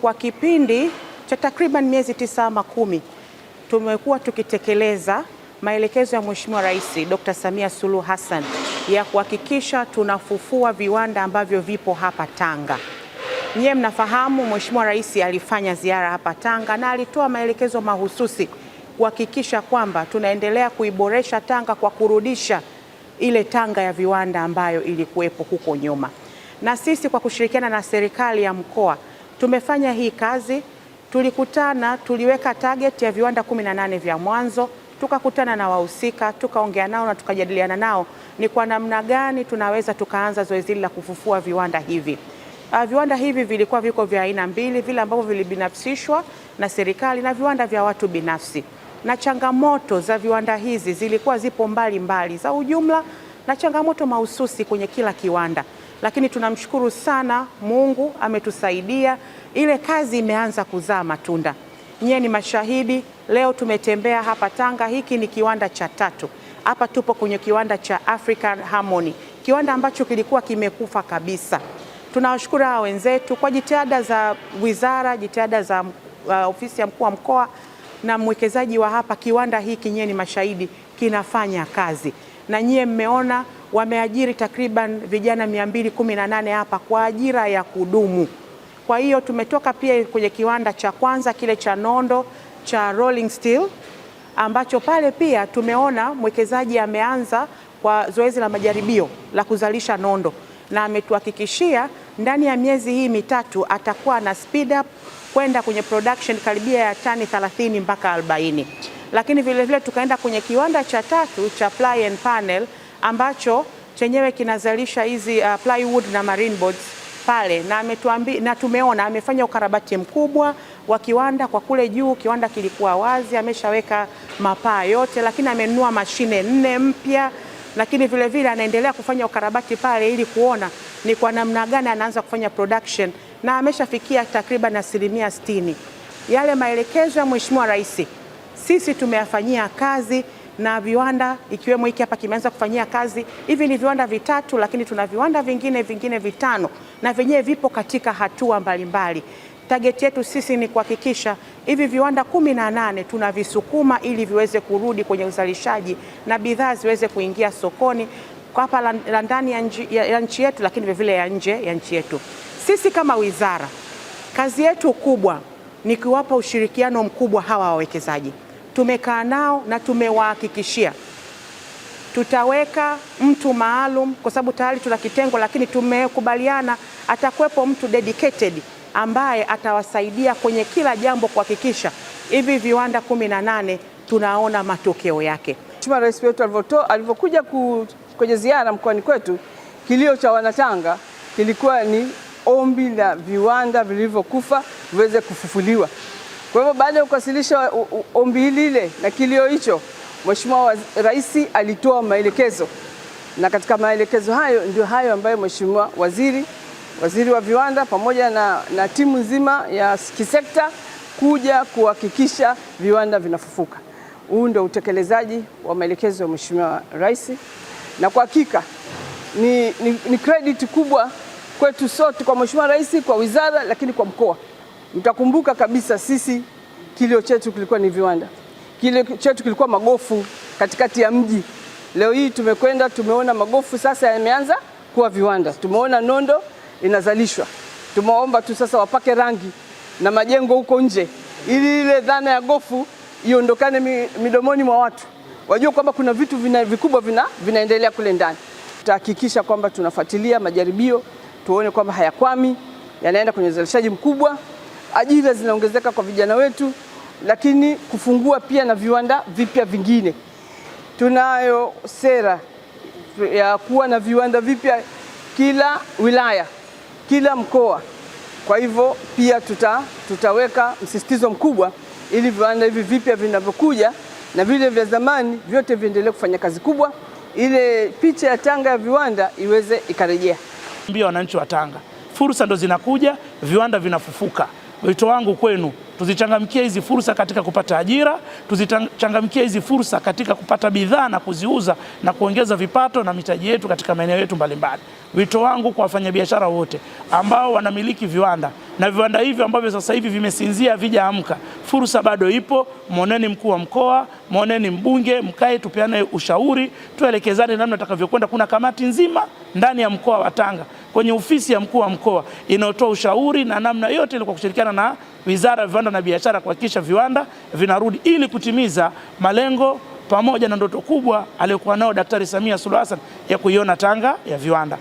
Kwa kipindi cha takriban miezi tisa ama kumi tumekuwa tukitekeleza maelekezo ya Mheshimiwa Rais Dr. Samia Suluhu Hassan ya kuhakikisha tunafufua viwanda ambavyo vipo hapa Tanga. Nyie mnafahamu Mheshimiwa Rais alifanya ziara hapa Tanga na alitoa maelekezo mahususi kuhakikisha kwamba tunaendelea kuiboresha Tanga kwa kurudisha ile Tanga ya viwanda ambayo ilikuwepo huko nyuma. Na sisi kwa kushirikiana na serikali ya mkoa Tumefanya hii kazi, tulikutana, tuliweka target ya viwanda 18 vya mwanzo, tukakutana na wahusika, tukaongea nao na tukajadiliana nao ni kwa namna gani tunaweza tukaanza zoezi la kufufua viwanda hivi. Uh, viwanda hivi vilikuwa viko vya aina mbili, vile ambavyo vilibinafsishwa na serikali na viwanda vya watu binafsi, na changamoto za viwanda hizi zilikuwa zipo mbalimbali mbali, za ujumla na changamoto mahususi kwenye kila kiwanda lakini tunamshukuru sana Mungu ametusaidia, ile kazi imeanza kuzaa matunda. Nyie ni mashahidi, leo tumetembea hapa Tanga. Hiki ni kiwanda cha tatu hapa, tupo kwenye kiwanda cha African Harmony, kiwanda ambacho kilikuwa kimekufa kabisa. Tunawashukuru hawa wenzetu kwa jitihada za wizara, jitihada za uh, ofisi ya mkuu wa mkoa na mwekezaji wa hapa. Kiwanda hiki nyie ni mashahidi, kinafanya kazi na nyie mmeona wameajiri takriban vijana 218 hapa kwa ajira ya kudumu. Kwa hiyo tumetoka pia kwenye kiwanda cha kwanza kile cha nondo cha rolling steel ambacho pale pia tumeona mwekezaji ameanza kwa zoezi la majaribio la kuzalisha nondo na ametuhakikishia ndani ya miezi hii mitatu atakuwa na speed up kwenda kwenye production karibia ya tani 30 mpaka 40. Lakini vilevile tukaenda kwenye kiwanda cha tatu cha fly and panel ambacho chenyewe kinazalisha hizi uh, plywood na marine boards pale na ametuambi, na tumeona amefanya ukarabati mkubwa wa kiwanda kwa kule juu. Kiwanda kilikuwa wazi, ameshaweka mapaa yote, lakini amenunua mashine nne mpya, lakini vile vile anaendelea kufanya ukarabati pale ili kuona ni kwa namna gani anaanza kufanya production na ameshafikia takriban asilimia sitini. Yale maelekezo ya Mheshimiwa Rais sisi tumeyafanyia kazi na viwanda ikiwemo hiki hapa kimeanza kufanyia kazi. Hivi ni viwanda vitatu, lakini tuna viwanda vingine vingine vitano na vyenyewe vipo katika hatua mbalimbali mbali. Tageti yetu sisi ni kuhakikisha hivi viwanda kumi na nane tunavisukuma ili viweze kurudi kwenye uzalishaji na bidhaa ziweze kuingia sokoni kwa hapa la ndani ya nchi yetu, lakini vilevile ya nje ya nchi yetu. Sisi kama wizara, kazi yetu kubwa ni kuwapa ushirikiano mkubwa hawa wawekezaji tumekaa nao na tumewahakikishia tutaweka mtu maalum, kwa sababu tayari tuna kitengo, lakini tumekubaliana atakuwepo mtu dedicated ambaye atawasaidia kwenye kila jambo kuhakikisha hivi viwanda kumi na nane tunaona matokeo yake. Mheshimiwa Rais wetu alivyokuja kwenye ziara mkoani kwetu, kilio cha Wanatanga kilikuwa ni ombi la viwanda vilivyokufa viweze kufufuliwa. Kwa hivyo baada ya kuwasilisha ombi lile na kilio hicho, Mheshimiwa Rais alitoa maelekezo, na katika maelekezo hayo ndio hayo ambayo Mheshimiwa Waziri, Waziri wa Viwanda pamoja na, na timu nzima ya kisekta kuja kuhakikisha viwanda vinafufuka. Huu ndio utekelezaji wa maelekezo ya Mheshimiwa Rais, na kwa hakika ni, ni, ni credit kubwa kwetu sote, kwa Mheshimiwa Rais, kwa wizara, lakini kwa mkoa. Mtakumbuka kabisa sisi kilio chetu kilikuwa ni viwanda, kilio chetu kilikuwa magofu katikati ya mji. Leo hii tumekwenda tumeona magofu sasa yameanza kuwa viwanda, tumeona nondo inazalishwa. Tumeomba tu sasa wapake rangi na majengo huko nje, ili ile dhana ya gofu iondokane midomoni mwa watu, wajue kwamba kuna vitu vina, vikubwa vina, vinaendelea kule ndani. Tutahakikisha kwamba tunafuatilia majaribio tuone kwamba hayakwami, yanaenda kwenye uzalishaji mkubwa ajira zinaongezeka kwa vijana wetu, lakini kufungua pia na viwanda vipya vingine. Tunayo sera ya kuwa na viwanda vipya kila wilaya, kila mkoa. Kwa hivyo pia tuta, tutaweka msisitizo mkubwa ili viwanda hivi vipya vinavyokuja na vile vya zamani vyote viendelee kufanya kazi kubwa, ile picha ya Tanga ya viwanda iweze ikarejea. Mbia wananchi wa Tanga, fursa ndo zinakuja, viwanda vinafufuka. Wito wangu kwenu, tuzichangamkie hizi fursa katika kupata ajira, tuzichangamkie hizi fursa katika kupata bidhaa na kuziuza na kuongeza vipato na mitaji yetu katika maeneo yetu mbalimbali. Wito wangu kwa wafanyabiashara wote ambao wanamiliki viwanda na viwanda hivyo ambavyo sasa hivi vimesinzia, vijaamka, fursa bado ipo. Mwoneni mkuu wa mkoa, mwoneni mbunge, mkae tupeane ushauri, tuelekezane namna takavyokwenda. Kuna kamati nzima ndani ya mkoa wa Tanga kwenye ofisi ya mkuu wa mkoa inayotoa ushauri na namna yote, ili kwa kushirikiana na Wizara ya Viwanda na Biashara kuhakikisha viwanda vinarudi ili kutimiza malengo pamoja na ndoto kubwa aliyokuwa nayo Daktari Samia Suluhu Hassan ya kuiona Tanga ya viwanda.